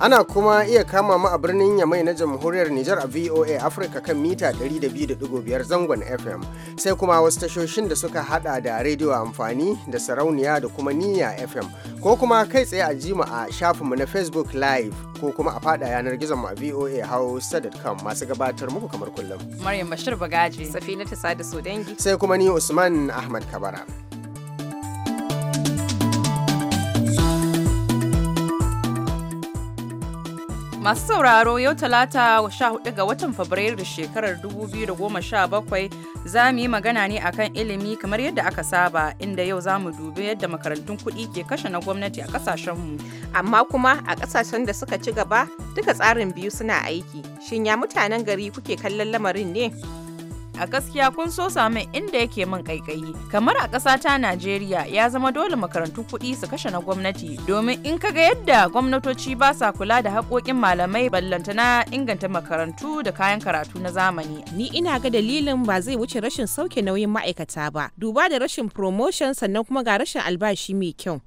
ana kuma iya kama mu a birnin yamai na jamhuriyar Nijar a VOA Africa kan mita biyar zangon FM sai kuma wasu tashoshin da suka hada da rediyo amfani da sarauniya da kuma niyya FM ko kuma kai tsaye a jima a shafinmu na Facebook Live ko kuma a fada yanar gizon mu a VOA Hausa.com masu gabatar muku kamar kullum. Maryam Bashir Bagaji, Safina Tisa da Sai kuma ni Usman Ahmad Kabara. Masu sauraro yau talata sha hudu ga watan Fabrairu shekarar 2017 za mu yi magana ne akan ilimi kamar yadda aka saba inda yau za mu dubi yadda makarantun kuɗi ke kashe na gwamnati a ƙasashenmu. Amma kuma a ƙasashen da suka ci gaba duka tsarin biyu suna aiki. Shin ya mutanen gari kuke kallon lamarin ne? a gaskiya kun so sami inda yake min kaikayi kamar a ƙasata ta najeriya ya zama dole makarantu kuɗi su kashe na gwamnati domin in ka ga yadda gwamnatoci ba sa kula da haƙoƙin malamai ballanta na inganta makarantu da kayan karatu na zamani ni ina ga dalilin ba zai wuce rashin sauke nauyin ma'aikata ba duba da rashin promotion sannan kuma ga rashin albashi mai kyau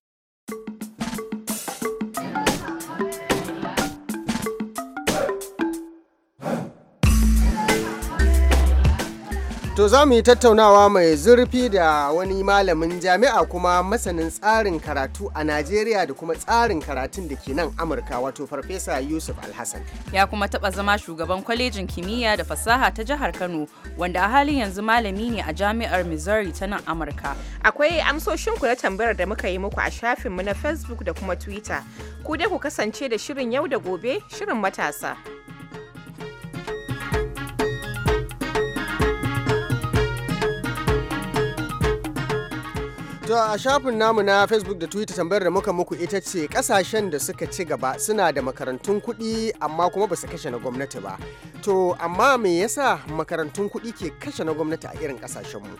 To za mu yi tattaunawa mai zurfi da wani malamin jami'a kuma masanin tsarin karatu a Najeriya da kuma tsarin karatun da ke nan Amurka wato Farfesa Yusuf Alhassan. Ya kuma taɓa zama shugaban kwalejin kimiyya da fasaha ta jihar Kano wanda a halin yanzu malami ne a jami'ar Missouri ta nan Amurka. Akwai amsoshinku na tambayar da muka yi muku a shafinmu na Facebook da kuma Twitter. Ku dai ku kasance da shirin yau da gobe shirin matasa. To a shafin namu na Facebook da Twitter tambayar da muka muku ita ce kasashen da suka ci gaba suna da makarantun kuɗi amma kuma ba su kashe na gwamnati ba. To amma me yasa makarantun kuɗi ke kashe na gwamnati a irin kasashen mu.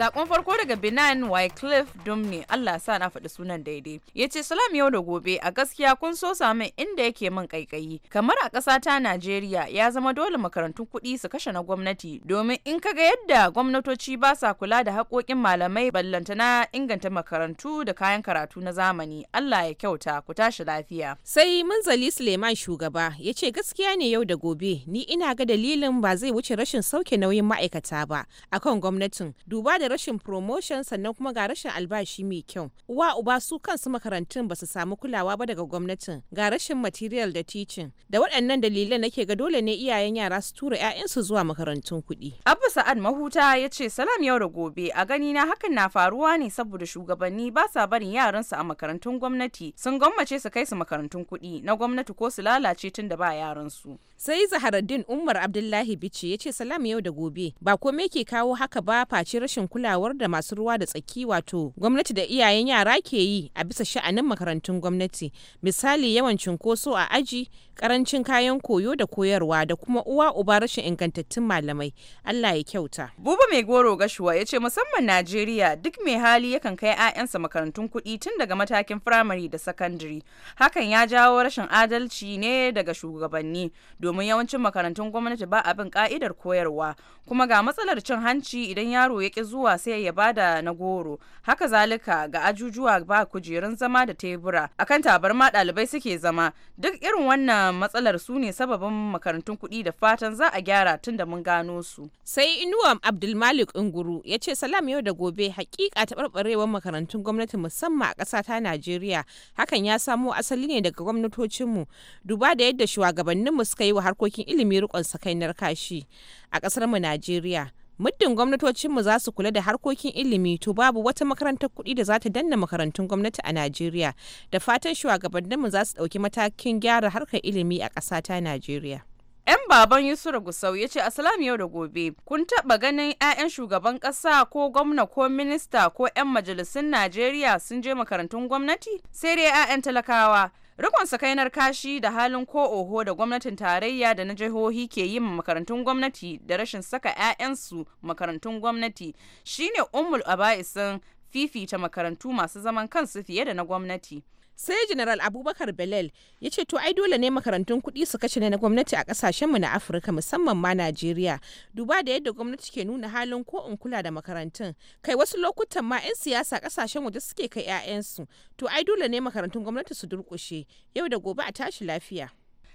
Sakon farko daga Benin Wycliffe Dumne Allah sa na faɗi sunan daidai. Ya ce salam yau da gobe a gaskiya kun so samun inda yake min kaikayi. Kamar a ƙasa ta Najeriya ya zama dole makarantun kuɗi su kashe na gwamnati domin in ka ga yadda gwamnatoci ba sa kula da haƙoƙin malamai na inganta makarantu da kayan karatu na zamani. Allah ya kyauta ku tashi lafiya. Sai Munzali Suleiman shugaba ya ce gaskiya ne yau da gobe ni ina ga dalilin ba zai wuce rashin sauke nauyin ma'aikata ba akan gwamnatin duba da rashin promotion sannan kuma ga rashin albashi mai kyau uwa uba su kansu makarantun ba su samu kulawa ba daga gwamnatin ga rashin material da teaching da waɗannan dalilan nake ga dole ne iyayen yara su tura 'ya'yansu zuwa makarantun kuɗi abba sa'ad mahuta ya ce salam yau da gobe a gani na hakan na faruwa ne saboda shugabanni ba sa barin yaransu a makarantun gwamnati sun gwammace su kai su makarantun kuɗi na gwamnati ko su lalace tun da ba yaransu sai zaharaddin umar abdullahi bici ya ce salam yau da gobe ba komai ke kawo haka ba face rashin kula kulawar da masu ruwa da tsaki wato gwamnati da iyayen yara ke yi a bisa sha'anin makarantun gwamnati misali yawan cunkoso a aji karancin kayan koyo da koyarwa da kuma uwa uba rashin ingantattun malamai Allah ya kyauta. Buba mai goro gashuwa ya ce musamman Najeriya duk mai hali yakan kai 'ya'yansa makarantun kuɗi tun daga matakin firamare da sakandare. Hakan ya jawo rashin adalci ne daga shugabanni domin yawancin makarantun gwamnati ba abin ka'idar koyarwa kuma ga matsalar cin hanci idan yaro ya ƙi zuwa zuwa sai ya bada na goro haka zalika ga ajujuwa ba kujerun zama da tebura akan tabarma ɗalibai suke zama duk irin wannan matsalar su ne sababin makarantun kuɗi da fatan za a gyara tun da mun gano su sai inuwa abdulmalik inguru ya ce salam yau da gobe hakika taɓarɓarewar makarantun gwamnati musamman a ƙasa ta najeriya hakan ya samo asali ne daga gwamnatocinmu duba da yadda shugabanninmu suka yi wa harkokin ilimi riƙon sakainar kashi a ƙasarmu najeriya Muddin gwamnatocinmu za su kula da harkokin ilimi to babu wata makarantar kuɗi da za ta danna makarantun gwamnati a Najeriya da fatan shugabanninmu za su ɗauki matakin gyara harkar ilimi a ƙasa ta Najeriya. 'yan baban Yusuf Gusau ya ce Asalam yau da gobe kun taɓa ganin 'ya'yan shugaban ƙasa ko gwamna ko minista ko 'yan majalisun Najeriya sun je makarantun gwamnati sai dai 'ya'yan talakawa Rikon sakainar kashi da halin ko oho da gwamnatin tarayya da na jihohi ke yi ma makarantun gwamnati da rashin saka 'ya'yansu makarantun gwamnati shine ummul aba'isin fifita makarantu masu zaman kansu fiye da na gwamnati. sai general abubakar belel ya ce to ai dole ne makarantun kuɗi su kashe ne na gwamnati a ƙasashenmu na afirka musamman ma najeriya duba da yadda gwamnati ke nuna halin ko in kula da makarantun kai wasu lokutan ma 'yan siyasa ƙasashen waje suke kai 'ya'yansu to ai dole ne makarantun gwamnati su durƙushe yau da gobe a tashi lafiya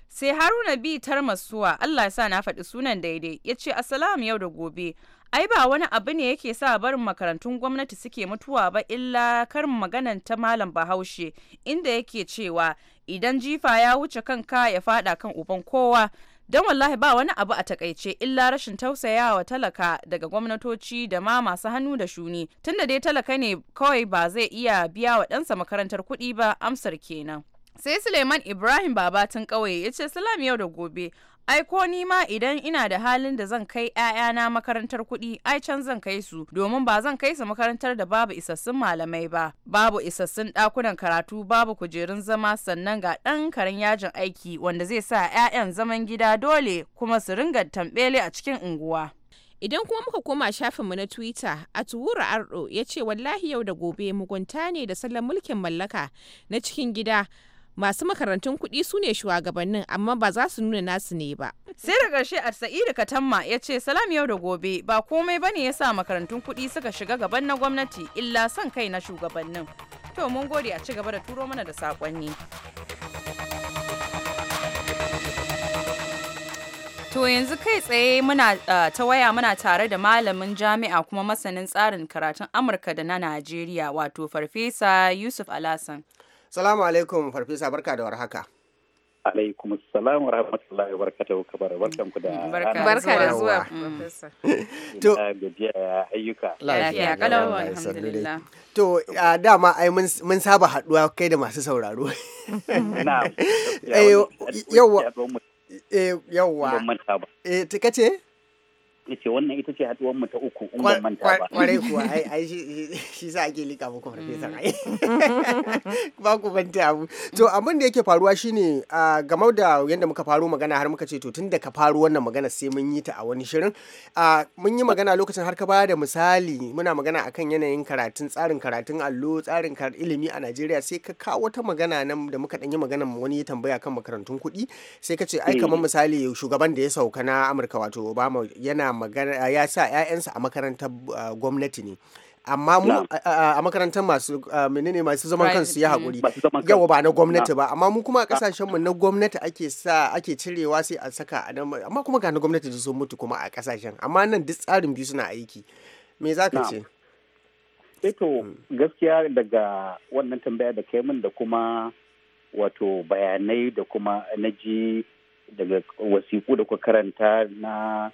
sai haruna bi tarmasuwa allah sa na faɗi sunan daidai ya ce asalam yau da gobe ai ba wani abu ne yake sa barin makarantun gwamnati suke mutuwa ba illa karin maganan ta malam bahaushe inda yake cewa idan jifa ya wuce kan ka ya fada kan uban kowa don wallahi ba wani abu a takaice illa rashin tausayawa talaka daga gwamnatoci da ma masu hannu da shuni tunda dai talaka ne kawai ba zai iya biya wa ɗansa makarantar kuɗi ba amsar kenan sai suleiman ibrahim babatun ƙauye ya ce salam yau da gobe aiko ni ma idan ina da halin da zan kai 'ya'yana makarantar kuɗi ai can zan kai su domin ba zan kai su makarantar da babu isassun malamai ba babu isassun ɗakunan karatu babu kujerun zama sannan ga ɗan karen yajin aiki wanda zai sa 'ya'yan zaman gida dole kuma su ringa tambele a cikin unguwa Idan kuma muka koma shafinmu na Twitter, a Tuwura Ardo ya ce wallahi yau da gobe mugunta ne da salon mulkin mallaka na cikin gida masu makarantun kuɗi su ne shugabannin amma ba za su nuna nasu ne ba. sai da ƙarshe sa'idu katamma ya ce salam yau da gobe ba komai bane ya sa makarantun kuɗi suka shiga gaban na gwamnati illa son kai na shugabannin to mun gode a ci gaba da turo mana da saƙonni. To yanzu kai tsaye muna ta waya muna tare da malamin jami'a kuma masanin tsarin karatun Amurka da na Najeriya wato Farfesa Yusuf Alasan. Salamu alaikum Farfesa barka da warhaka. alaikum salam wa rahmatullahi wa barakatuhu kabar barkan ku da barka da zuwa professor to gajiya ayyuka lafiya kalau alhamdulillah to dama ai mun saba haduwa kai da masu sauraro na'am yawa yawa eh ta eh, eh, kace ce wannan ita ce haduwar mu ta uku in ban manta ba kwarai kuwa ai ai shi sa ake lika muku farfesa ai mm. ba ku ban abu to abin da yake faruwa shine game da yadda muka faro magana har muka ce to tun ka faro wannan magana sai mun yi ta a wani shirin mun yi magana lokacin har ka bada misali muna magana akan yanayin karatun tsarin karatun allo tsarin ilimi a Najeriya sai ka kawo wata magana nan da muka dan yi magana wani ya tambaya kan makarantun kuɗi sai ka ce ai eh. kamar misali shugaban da ya sauka na Amurka wato Obama yana magana ah, ya sa 'ya'yansa a makarantar ah, gwamnati ne amma mu a makarantar masu ah, menene masu zaman kansu ya haƙuri yawa ba na gwamnati ba amma mu kuma a ƙasashen mu na gwamnati ake sa ake cirewa sai a saka a amma kuma ga na gwamnati da sun mutu kuma a ƙasashen amma nan duk tsarin biyu suna aiki me za ka ce eto eh hmm. gaskiya daga wannan tambaya da kai min da kuma wato bayanai da kuma na ji daga wasiku da ku karanta na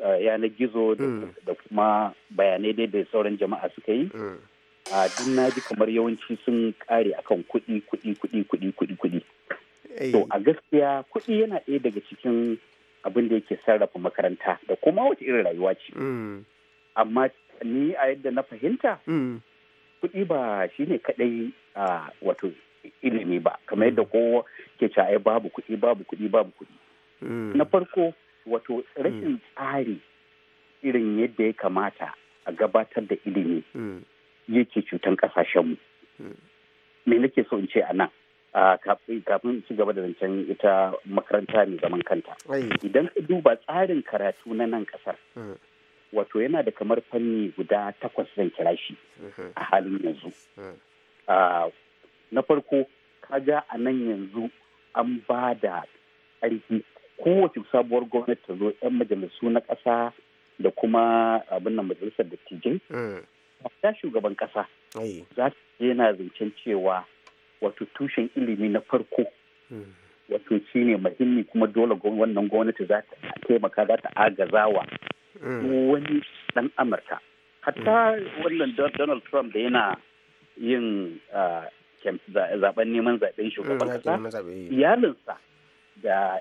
Eh, yanar gizo hmm. da kuma bayanai dai da sauran jama'a suka yi hmm. a duk na ji kamar yawanci sun kare akan kuɗi kuɗi kuɗi kuɗi kuɗi kuɗi eh. to a gaskiya kuɗi yana ɗaya daga cikin abin da yake sarrafa makaranta da kuma wata irin rayuwa ce hmm. amma ni a yadda na fahimta kuɗi ba shine kaɗai wato ilimi ba kamar yadda kowa ke cewa babu kuɗi babu kuɗi babu kuɗi na farko wato hmm. rashin tsari irin yadda ya kamata a gabatar da ilimi hmm. yake cutan mu hmm. me nake so in ce a nan kafin ci gaba da zancen ita makaranta mai zaman kanta idan ka duba tsarin karatu na nan ƙasar wato yana da kamar fanni guda takwas zan kira shi a halin yanzu na farko kaga a nan yanzu an ba da ƙarfi kowace sabuwar gwamnati ta zo 'yan majalisu na ƙasa da kuma abin nan majalisar dattijai eh. ta shugaban ƙasa za ta yana zancen cewa wato tushen ilimi na farko hmm. wato shi ne mahimmi kuma dole wannan gwamnati za ta taimaka za ta agazawa hmm. wani dan amurka hatta hmm. wannan donald trump da yana yin zaben neman zaben shugaban ƙasa eh. iyalinsa da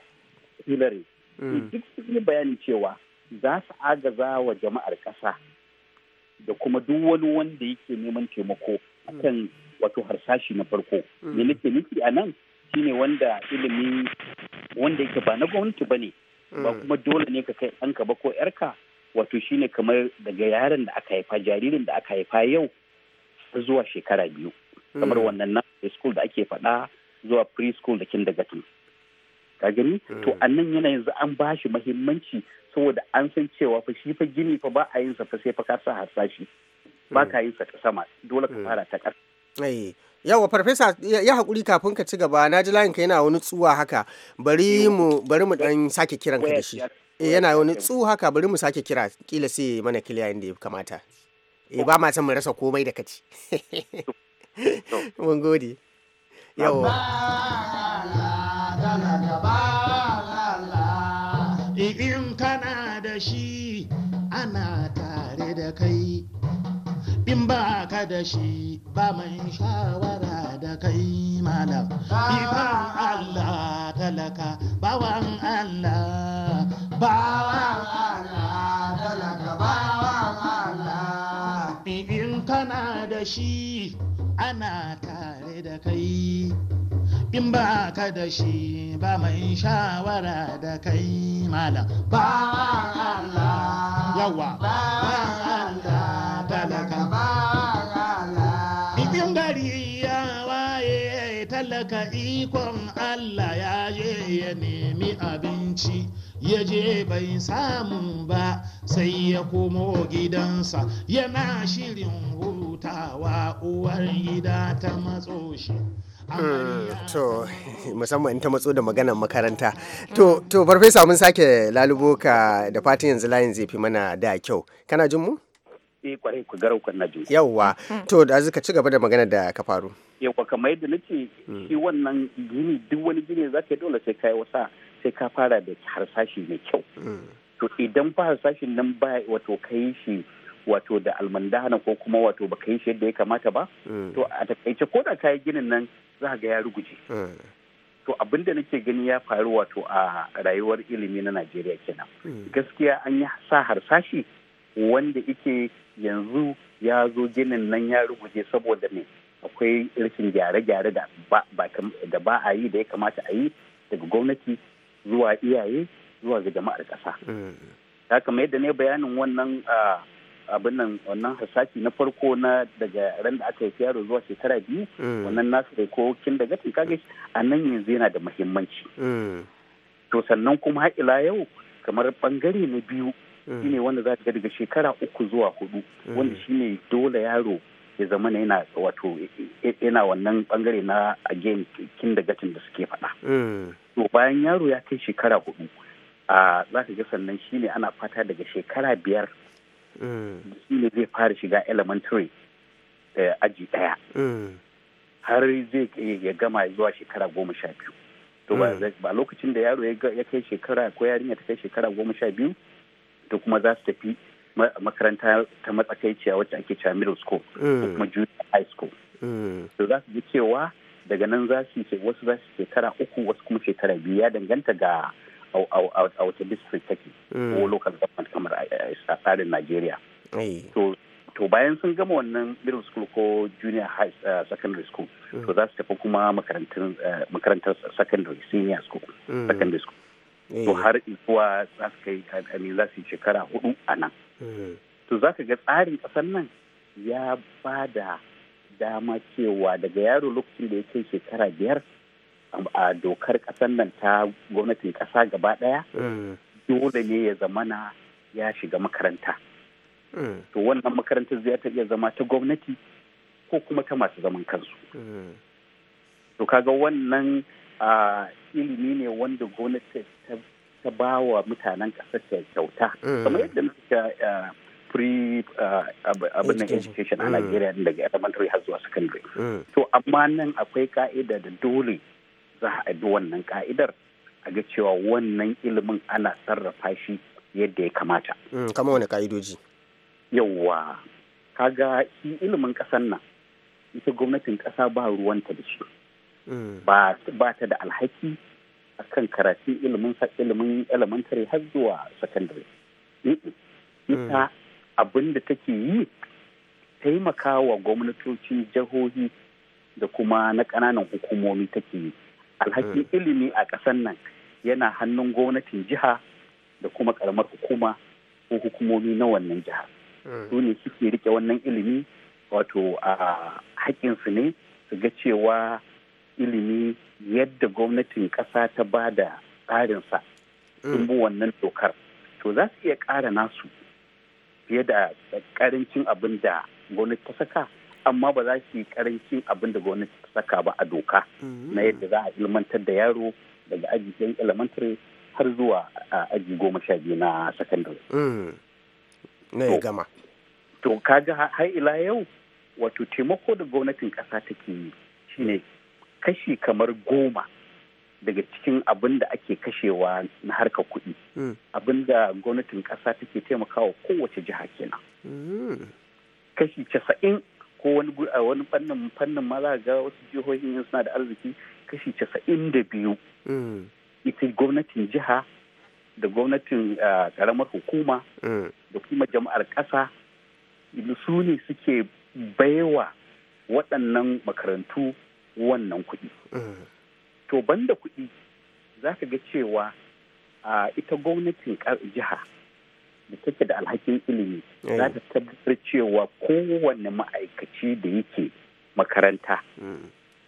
Hillary mm. eh, duk sun yi bayani cewa za su agaza wa jama'ar ƙasa da kuma duk wani wanda yake neman taimako mm. kan wato harsashi na farko mm. me nake nufi a nan shine wanda ilimi wanda yake ba na gwamnati ba ne ba kuma dole ne ka kai ɗanka ba ko yarka wato shine kamar daga yaron da aka haifa jaririn da aka haifa yau zuwa shekara biyu kamar wannan na school da ake faɗa zuwa preschool da kindergarten ka gani eh. to a nan yana yanzu an ba shi mahimmanci saboda an san cewa fa shi fa gini fa ba a yin sa fa sai fa ka sa harsashi ba eh. ka yin sa sama dole ka eh. fara ta ƙasa yawa farfesa ya haƙuri kafin ka ci gaba na ji layinka yana wani tsuwa haka bari mu bari mu dan sake kiran ka da shi yana wani tsuwa haka bari mu sake kira kila sai mana kiliya inda ya kamata e ba ma san mu rasa komai da kaci mun gode yawa tana da balala in kana da shi ana tare da kai in ba ka da shi ba mai shawara da kai malam Bawan Allah talaka bawan Allah bawan Allah talaka bawan Allah in kana da shi ana tare da kai in ba ka da shi ba mai shawara da kai malam ba Allah yawa ba Allah talaka ba Allah idan gari ya waye talaka ikon Allah ya je ya nemi abinci ya je bai samu ba sai ya komo gidansa yana shirin hutawa uwar gida ta matso shi Hmm, to musamman ta matso da maganar makaranta to hmm. farfesa mun sake laluboka da fatan yanzu layin zai fi mana da kyau kana jin mu eh, kwarai ku garau kan na yawwa to da ka ci gaba da magana da ka faru yawwa kamar yadda ce hmm. shi wannan gini duk wani gini za ka yi dole sai ka yi wasa sai ka fara da harsashi mai kyau to idan ba harsashin nan ba wato ka yi shi wato da almandana ko kuma wato baka yi shi yadda ya kamata ba mm. to a takaice ko da kayi ginin nan za ga ya ruguje mm. to abin da nake gani ya faru wato a rayuwar ilimi na najeriya kenan mm. gaskiya an yi sa harsashi wanda ike yanzu ya zo ginin nan ya ruguje saboda ne akwai rashin gyare-gyare da ba a yi da ya kamata a yi daga gwamnati zuwa iyaye zuwa ga jama'ar kasa. Ya kama yadda ne bayanin wannan ah, abin nan wannan hasashi na farko na daga ran da aka yi yaro zuwa shekara biyu mm. wannan nasu da kin da gatin kage a nan yanzu yana da muhimmanci mm. to sannan kuma haƙila yau kamar bangare na biyu mm. shine wanda za ta daga shekara uku zuwa hudu wanda shine dole yaro ya zama na yana wato e, e, yana wannan bangare na again kin da gatin da suke faɗa to bayan yaro ya kai shekara hudu a za ka ga sannan shine ana fata daga shekara biyar shi ne zai fara shiga elementary aji ɗaya har zai ya gama zuwa shekara goma sha biyu to ba hmm. lokacin da yaro ya kai shekara ko yarinya ta kai shekara goma sha biyu to kuma za su tafi makaranta ta matsakaiciya wacce ake cewa middle school ko hmm. kuma junior high school hmm. to za su ji cewa daga nan za su wasu za su shekara uku wasu kuma shekara biyu ya danganta ga a wata district take ko mm. local government kamar a tsarin Najeriya. To bayan sun gama wannan middle school ko junior high uh, secondary school mm. to za su tafi kuma uh, makarantar secondary senior school mm. secondary school. To har zuwa za su kai za su yi shekara hudu a nan. To za ka ga tsarin ƙasar nan ya ba da dama cewa daga yaro lokacin da ya kai shekara biyar a dokar ƙasar nan ta gwamnatin kasa gaba ɗaya eh. dole ne ya zamana ya shiga makaranta eh. to wannan makarantar zai ta iya zama ta gwamnati ko kuma ta masu zaman kansu eh. to kaga wannan ilimi ne wanda gwamnati ta ba wa mutanen ƙasar kyauta kamar yadda muka free abin nan education a Najeriya daga elementary har zuwa secondary. To amma nan akwai ka'ida da dole za a bi wannan ka'idar a ga cewa wannan ilimin ana sarrafa shi yadda ya kamata. Mm, Kama wani ka'idoji? Yawwa, kaga shi ilimin ƙasan nan, ita gwamnatin ƙasa ba ruwanta da shi. Mm. Ba ta da alhaki a kan karatun ilimin ilimin elementary har zuwa secondary. Ita mm. abin da take yi taimakawa gwamnatocin jihohi da kuma na ƙananan hukumomi take yi. alhakin eh. ilimi a ƙasar nan yana hannun gwamnatin jiha da kuma ƙaramar hukuma ko hukumomi na wannan jiha eh. su ne suke rike wannan ilimi wato a haƙƙinsu ne su ga cewa ilimi yadda gwamnatin ƙasa ta ba da tsarinsa sun eh. bi wannan dokar to za su iya ƙara nasu fiye da ƙarancin abin da gwamnati ta saka amma ba za su yi karancin abin da gwamnati ta saka ba a doka na mm-hmm. yadda za a ilmantar da yaro daga aji ɗan elementary har zuwa aji goma sha biyu na sakandare. Mm-hmm. Na ya gama. To kaga har ila yau wato taimako da gwamnatin ƙasa take yi shine kashi kamar goma daga cikin abin da ake kashewa na harkar kuɗi. Mm. Abin da gwamnatin ƙasa take taimakawa kowace jiha kenan. Mm-hmm. Kashi casa'in ko wani wani fannin fannin ma za ga wasu jihohin suna da arziki kashi casa'in da biyu mm. ita gwamnatin jiha da gwamnatin karamar hukuma mm. da kuma jama'ar ƙasa su ne suke baiwa waɗannan makarantu wannan kuɗi. Mm. To banda kuɗi za ka ga cewa ita gwamnatin jiha da take da alhakin ilimi eh. za ta tabbatar cewa kowanne ma'aikaci da yake makaranta hmm.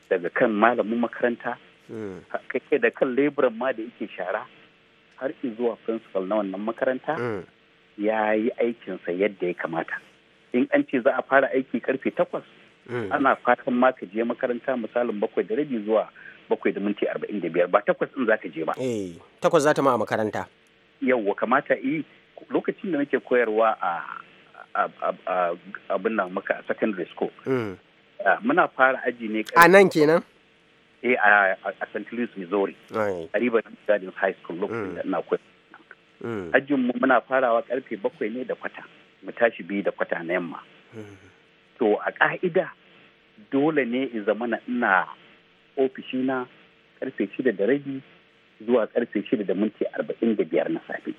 daga kan malamin makaranta kake hmm. da kan leburan ma da yake shara har zuwa principal na wannan makaranta hmm. ya yi aikinsa yadda ya kamata in an ce za a fara aiki karfe takwas ana fatan ma ka je makaranta misalin bakwai da rabi zuwa bakwai da minti arba'in da biyar ba takwas in za ka je ba eh, takwas za ta ma a makaranta yauwa kamata yi lokacin da nake koyarwa a abin nan maka a secondary school hmm. muna fara aji ne a nan kenan eh, a a St. Louis Missouri a River Gardens High School lokacin hmm. da ina hmm. ajin mu muna farawa karfe bakwai ne da kwata mu tashi biyu da kwata na yamma to a ka'ida dole ne in zamana ina ofishina karfe shida da rabi zuwa karfe shida da minti arba'in da biyar na safe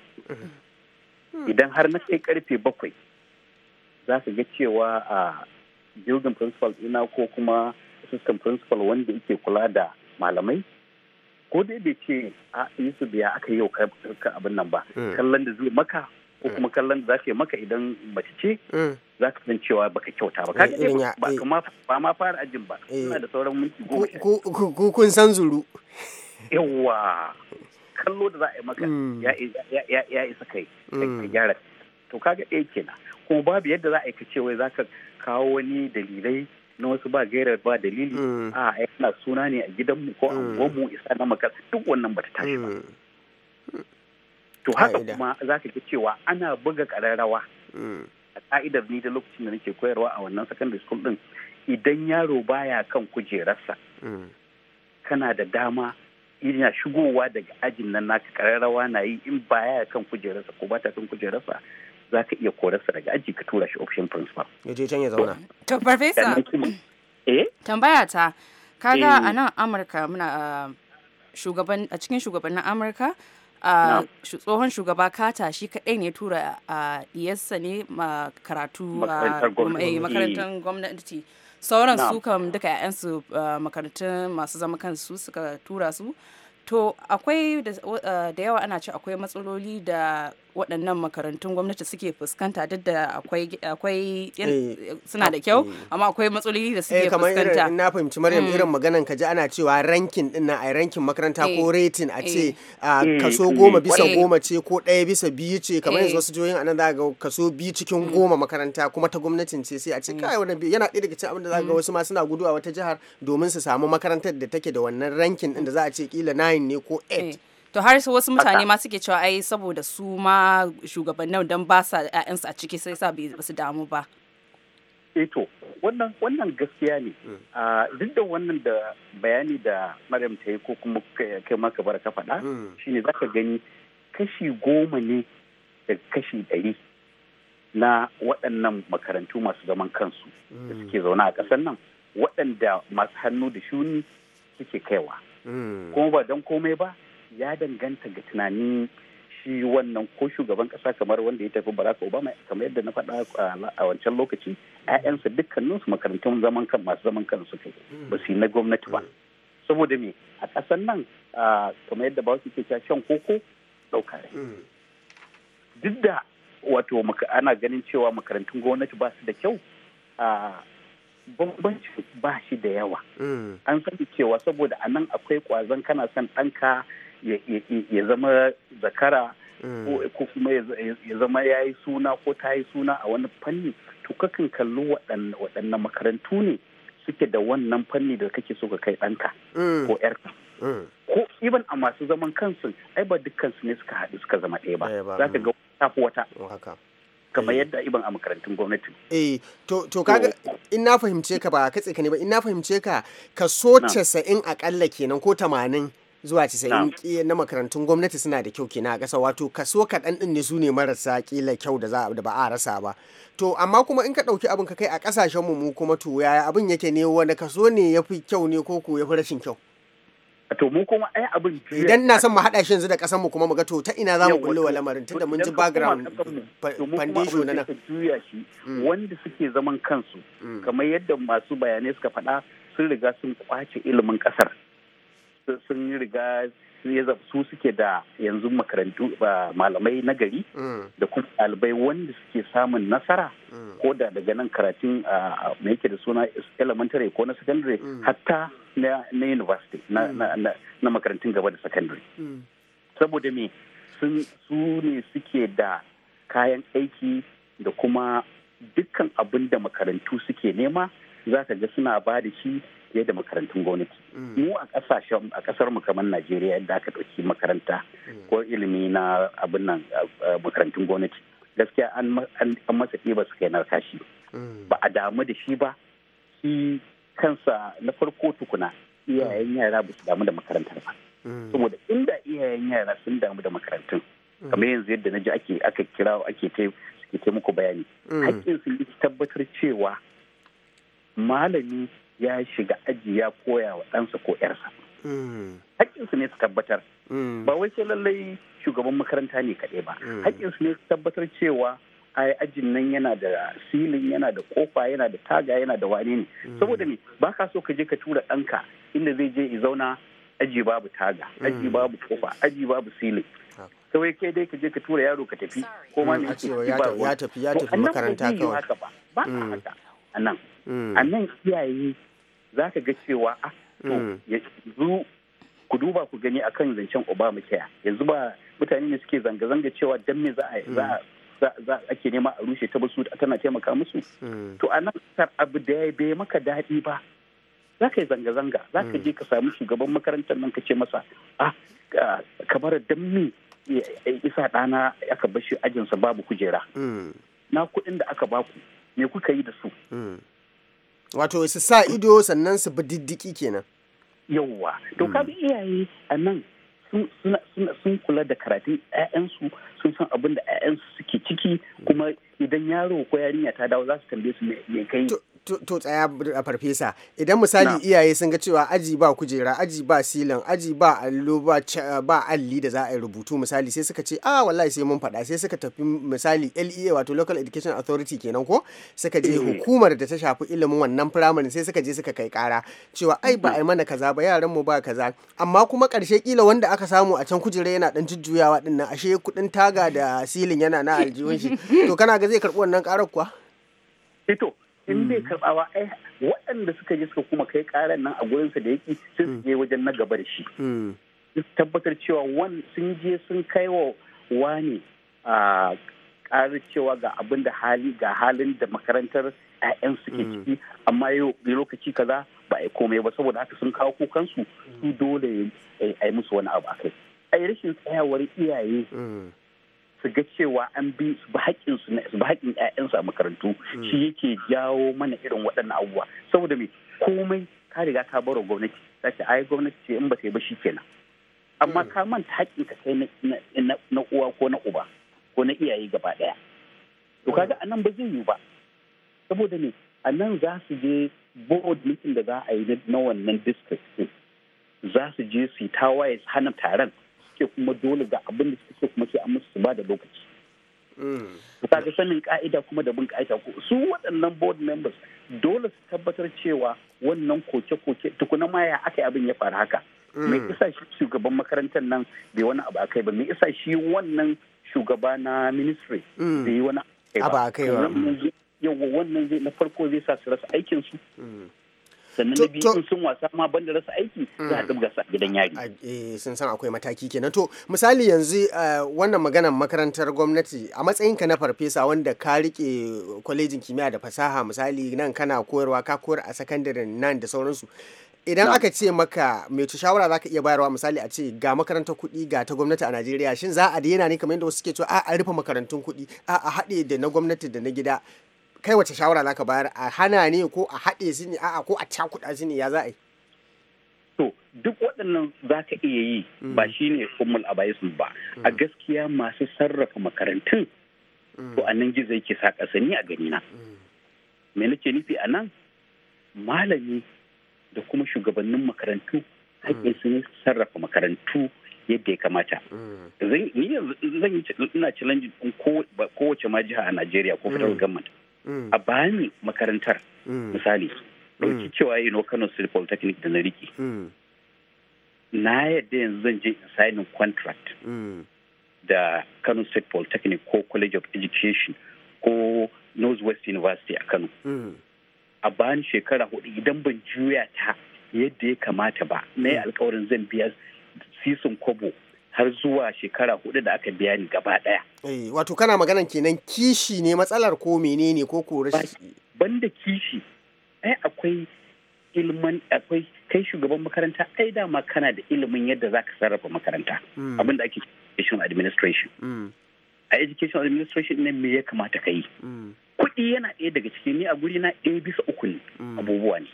Hmm. idan har na kai karfe bakwai za ka ga cewa a building principal ina ko kuma system principal wanda yake kula da malamai ko dai bai ce a su biya aka yau ka abin nan ba hmm. kallon da zai maka ko hmm. kuma kallon da za ka yi maka idan mace ce za ka san cewa baka kyauta ba ka kyauta ba kuma eh, eh. ba ma fara ajin ba eh. ina da sauran minti goma ko kun san zuru yawa kallo da za a yi maka mm. ya isa kai ka mm. gyara to kaga ɗaya kenan kuma babu yadda za a yi ka ce wai za ka kawo wani dalilai na wasu ba gaira ba dalili mm. a yana suna ne a gidanmu ko a mu isa na maka duk wannan bata tashi ba to haka kuma za ka ga cewa ana buga ƙararrawa a ka'idar ni da lokacin da nake koyarwa a wannan secondary school din idan yaro baya kan kujerarsa kana da dama ina shigowa daga ajin nan naka kararrawa na yi in baya kan kujerarsa ko ba ta kan kujerarsa za ka iya korarsa daga aji ka tura shi option principal. Ya je can ya zauna. To farfesa. Eh? Tambaya ta. Kaga eh. a nan Amurka muna ah, a cikin shugabannin Amurka Uh, tsohon shugaba kata shi kaɗai ne tura a uh, iyasa ne karatu uh, a eh, makarantar gwamnati sauran su kam duka 'ya'yansu makarantun masu zama kansu suka tura su to akwai da yawa ana ci akwai matsaloli da waɗannan makarantun gwamnati suke fuskanta duk da akwai eh, suna da kyau eh. amma akwai matsaloli da suke eh, fuskanta na fahimci maryam mm. irin maganan ka ji ana cewa rankin din a ranking makaranta ko rating a ce mm, kaso mm, goma bisa goma ce ko ɗaya bisa biyu ce kamar yanzu wasu jihohin anan za ga kaso biyu cikin goma makaranta kuma ta gwamnatin ce sai a ce kai wannan yana ɗaya daga cikin abin da za ga wasu ma suna gudu a wata jihar domin su samu makarantar da take da wannan rankin din da za a ce kila 9 ne ko 8 to har wasu mutane ma suke cewa ai saboda su ma shugabannin don ba sa ƴaƴansu a ciki sai sa bai su damu ba eto eh wannan gaskiya ne hmm. duk da wannan da bayani da maryam ta yi ko kuma kai maka bar ka faɗa hmm. shine za ka gani kashi goma ne da kashi ɗari na waɗannan makarantu masu zaman kansu da hmm. suke zaune a ƙasar nan waɗanda masu hannu da shuni suke kaiwa kuma ba don komai ba ya danganta ga tunanin shi wannan ko shugaban kasa kamar wanda ya tafi Barack Obama kamar yadda na faɗa a wancan lokaci ƴaƴansa dukkaninsu makarantun zaman kan masu zaman kan kai hmm. ba su yi na gwamnati ba saboda me a ƙasan nan kamar yadda ba su ke shan koko ɗauka hmm. duk da wato ana ganin cewa makarantun gwamnati ba su da kyau bambanci ba shi da yawa hmm. an sani cewa saboda anan akwai kwazon kana son ɗanka ya zama zakara ko mm. kuma ya zama ya yi suna ko ta yi suna a wani fanni to kakan kallo waɗannan makarantu ne suke da wannan fanni da kake so ka kai ɗanka mm. ko ‘yarka. Mm. Ko iban a masu zaman kansu ai ba dukkan su ne suka haɗu suka zama ɗaya ba za ka ga tafi wata. kamar eh. yadda iban a makarantun gwamnati. Eh, to, to kaga in na fahimce ka ba ka ka ne ba in na fahimce ka ka kaso casa'in akalla kenan ko tamanin zuwa 90 na makarantun gwamnati suna da kyau kenan a ƙasa wato kaso kaɗan ɗin ne su ne marasa kila kyau da za da ba a rasa ba to amma kuma in ka ɗauki abin ka kai a ƙasashen mu kuma to yaya abin yake ne wani kaso ne ya fi kyau ne ko ko ya fi rashin kyau to mu kuma ai abin idan na son mu haɗa shi yanzu da ƙasar mu kuma mu ga to ta ina zamu kulle wa lamarin tunda mun ji background foundation na nan mm. wanda suke zaman kansu mm. kamar yadda masu bayanai suka faɗa sun riga sun kwace ilimin ƙasar sun riga su suke da yanzu makarantu malamai na mm. da kuma ɗalibai wanda suke samun nasara mm. ko da daga nan karatun mai yake da suna elementary ko na secondary mm. hatta na university na makarantun gaba da secondary saboda me su ne suke da kayan aiki da kuma dukkan abin da makarantu suke nema za ka ga suna ba da shi fiye da makarantun gwamnati mm. mu a kasashen a kasar mu kamar Najeriya yadda aka ɗauki makaranta mm. ko ilimi na abin nan makarantun gwamnati gaskiya an masa ɗiba su kai narkashi mm. ba a damu da shi ba shi kansa na farko tukuna iyayen yara ba su damu da makarantar ba saboda inda iyayen yara sun damu da makarantun kamar yanzu yadda na ji ake aka kira ake taimako bayani hakkin sun yi tabbatar cewa malami ya shiga aji ya koya wa ɗansa ko ƴarsa. Mm. Haƙƙinsu ne su tabbatar. Mm. Ba wai sai lallai shugaban makaranta ne kaɗai ba. Mm. Haƙƙinsu ne su tabbatar cewa ai ajin nan yana da silin yana da kofa yana da taga yana da wane ne. Saboda me ba ka so ka je ka tura ɗanka inda zai je ya zauna aji babu taga, aji babu kofa, aji babu silin. kawai kai dai ka je ka tura yaro ka tafi ko ma me yake ya tafi ya tafi makaranta kawai ba haka a nan a nan iyaye za ka ga cewa a ah, to mm. yanzu ku duba ku gani akan zancen obama kaya yanzu ba mutane ne suke zanga-zanga cewa dan me za a za ake nema a rushe ta basu tana taimaka musu mm. to a nan abu da ya bai maka daɗi ba za ka yi zanga-zanga za ka je ka samu shugaban makarantar nan ka ce masa ah kamar dan me isa ɗana aka bashi ajinsa babu kujera mm. na kuɗin da aka baku me kuka yi da su wato su sa ido sannan su bi diddiki kenan yawwa to kaga iyaye a nan sun kula da karatun 'ya'yansu sun san abin da 'ya'yansu suke ciki kuma idan yaro ko yarinya ta dawo za su tambaye su me kai to tsaya a farfesa idan misali iyaye sun ga cewa aji ba kujera aji ba silan aji ba allo ba alli da za a yi rubutu misali sai suka ce a wallahi sai mun faɗa sai suka tafi misali lea wato local education authority kenan ko suka je eh. hukumar da ta shafi ilimin wannan firamare sai suka je suka kai kara cewa ai ba a yi mana kaza ba yaran mu ba kaza amma kuma karshe kila wanda aka samu a can kujera yana dan jujjuyawa dinnan ashe kuɗin ta taga da silin yana na aljihun shi to kana ga zai karɓi wannan ƙarar kuwa ito eh in bai karɓawa ai eh, waɗanda suka je suka kuma kai karar nan a gurinsa da yake sun hmm. je wajen na gaba da shi hmm. tabbatar cewa wan sun je sun kai wa wani a ƙarar cewa ga abin da hali ga halin da makarantar 'ya'yan suke hmm. ciki amma yau lokaci kaza ba a komai ba saboda haka sun kawo kukansu su dole eh, a yi musu wani abu a kai. a rashin tsayawar iyaye su ga cewa an bi su ba haƙƙin su su ba haƙƙin ƴaƴansu a makarantu hmm. shi yake jawo mana irin waɗannan abubuwa saboda me komai ka riga ka baro gwamnati ta ce ai gwamnati ce in ba ta yi ba shi kenan amma hmm. ka manta haƙƙin ka kai na uwa ko na uba ko na iyaye gaba ɗaya to kaga hmm. a nan ba zai yiwu ba saboda me a nan za su je board meeting da za a yi na wannan district za su je su yi tawaye su hana taron suke kuma dole ga abin da suke kuma sai an musu su ba da lokaci to mm. ga sanin ka'ida kuma da bin ka'ida su waɗannan board members dole su tabbatar cewa wannan koke-koke tukuna ma ya aka abin ya faru haka mm. me isa shi shugaban makarantar nan bai wani abu akai ba me isa shi wannan shugaba na ministry mm. bai yi wani abu akai ba yawwa wannan zai na farko zai sa su rasa aikin su sannan na biyu sun wasa ma banda rasa aiki za a mm. dubga su a gidan yari eh, sun san akwai mataki kenan to misali yanzu eh, wannan maganar makarantar gwamnati a matsayinka na farfesa wanda ka rike kwalejin kimiyya da fasaha misali nan kana koyarwa ka koyar a sakandare nan da sauransu idan aka ce maka mai ta shawara za ka iya bayarwa misali a ce ga makarantar kuɗi ga ta gwamnati a najeriya shin za a daina ne kamar yadda wasu suke cewa a rufe makarantun kuɗi a haɗe da na gwamnati da na gida kai wace shawara zaka bayar a hana ne ko a haɗe su ne a'a ko a cakuɗa su ne ya za a yi to duk waɗannan za ka iya yi mm. ba shi ne kummul abaisin ba mm. a gaskiya masu sarrafa makarantun mm. to a nan gizo yake sa ƙasa ni a gani na me nake nufi a nan malami da kuma shugabannin makarantu hakkin sun sarrafa makarantu yadda ya kamata. Ni yanzu zan yi ina challenge kowace ma jiha a Najeriya ko fitar gammata. Mm. a bani makarantar mm. misali mm. ɗauki cewa no kano state polytechnic da na riki. na yadda yanzu zan je in signing contract da kano state polytechnic ko college of education ko west university a kano a bani shekara hudu idan ban juya ta yadda ya kamata ba na yi alkawarin zan biya sisin kobo har zuwa shekara hudu da aka biya ni gaba daya. Eh, wato kana maganan kenan kishi ne matsalar ko menene ko ko banda kishi ai akwai ilman akwai kai shugaban makaranta ai dama kana da ilimin yadda zaka sarrafa makaranta hmm. abin da ake education administration hmm. a education administration ne me ya kamata ka yi hmm. kuɗi yana ɗaya daga cikin ni a guri na ɗaya bisa uku ne abubuwa ne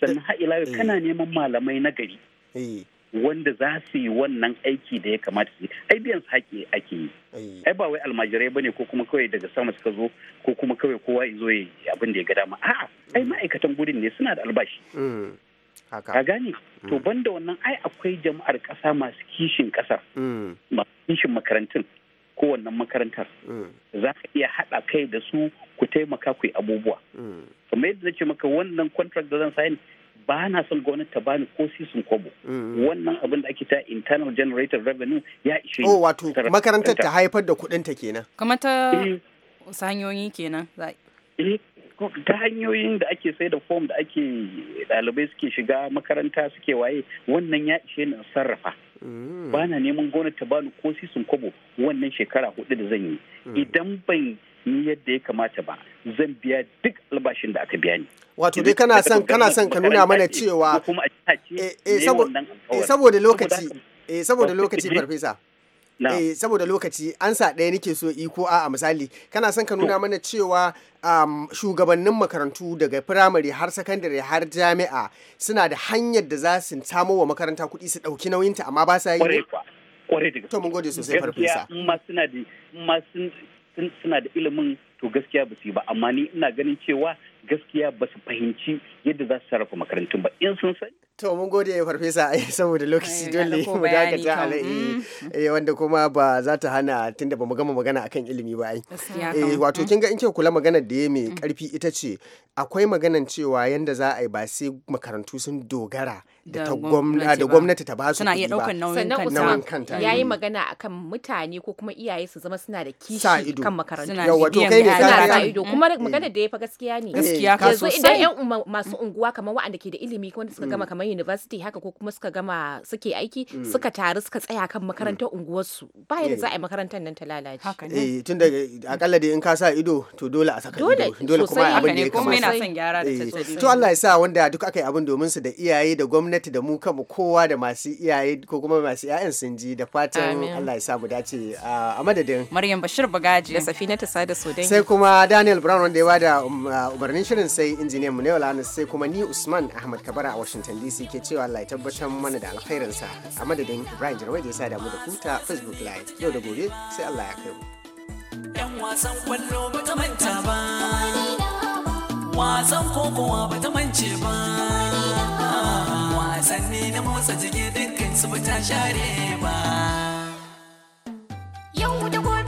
sannan har eh. kana neman malamai na gari eh. wanda za su yi wannan aiki da ya kamata su yi ai biyan haƙi ake yi eh. ai ba wai almajirai ba ne ko kuma kawai daga sama suka zo ko kuma kawai kowa ya zo ya abin da ya ga dama a'a ai mm. ma'aikatan gudun ne suna da albashi mm. ka gane to mm. banda wannan ai akwai jama'ar ƙasa masu kishin ƙasa masu kishin makarantun wannan makarantar za ka iya haɗa kai da su ku taimaka ku yi abubuwa kamar yadda na ce maka wannan contract da zan sign ba na son gwamnati ta bani ko sisin kobo mm-hmm. wannan abin da ake ta internal generated revenue ya ishe oh wato makarantar ta haifar da kuɗin ta kenan kamar ta eh. hanyoyi kenan eh, ta hanyoyin da ake sai da fom da ake ɗalibai suke shiga makaranta suke waye wannan ya ishe na sarrafa Mm. ba na neman gonar ta bani ko sisin kobo wannan shekara hudu da zan yi mm. idan ban yi yadda ya kamata ba zan biya duk albashin da aka biya ni wato dai kana son kana son ka nuna mana cewa eh, eh, eh, saboda lokaci saboda lokaci farfesa eh saboda lokaci an sa ɗaya nake so iko a misali kana son ka nuna mana cewa um, shugabannin makarantu daga firamare har sakandare har jami'a suna da hanyar da za su samo wa makaranta kuɗi su ɗauki nauyinta amma ba sa yi da to mun gode sosai farfesa gaskiya suna da ilimin to gaskiya ba su yi ba amma ni ina ganin cewa gaskiya ba su fahimci yadda za su sarrafa makarantun ba in sun sani To mun gode farfesa ai saboda lokaci eh, dole mu dakata alai mm. eh, eh wanda kuma ba za ta hana tunda ba mu gama magana akan ilimi ba ai. Eh wato kin ga in ke kula magana da ya mai karfi mm. ita ce akwai maganan cewa yanda za a yi ba sai makarantu sun dogara da ta gwamnati da gwamnati ta ba su suna ba. Sannan nauyin kanta. Yayi eh. magana akan mutane ko kuma iyaye su zama suna da kishi kan makarantu. Yawa to kai ne ka ido kuma mm. magana da ya fa gaskiya ne. gaskiya ka sosai idan yan masu mm. unguwa kamar waɗanda ke da ilimi wanda suka gama mm. kamar university haka ko kuma suka gama suke aiki mm. suka taru suka tsaya kan makarantar unguwarsu ba yadda eh. za a yi makarantar nan ta lalace haka ne eh, tun da akalla dai in ka sa ido to dole a saka ido dole kuma abin da ya kamata eh, to Allah ya sa wanda duk aka yi abin domin su da iyaye da gwamnati da mu kanmu kowa da masu iyaye ko kuma masu 'ya'yan sun ji da fatan Allah ya sa mu dace a madadin Maryam Bashir Bagaji da Safina Tasada Sodangi sai kuma Daniel Brown wanda ya bada um, umarni kafin shirin sai injiniyan mu Neola sai kuma ni Usman Ahmad Kabara a Washington DC ke cewa Allah ya tabbatar mana da sa a madadin Ibrahim Jarwai da ya sa damu da kuta Facebook Live yau da gobe sai Allah ya kai mu. Yan wasan kwallo ba ta manta ba, wasan kokowa ba ta mance ba, wasanni na motsa jiki dukkan su ba ta share ba. Yau da gobe.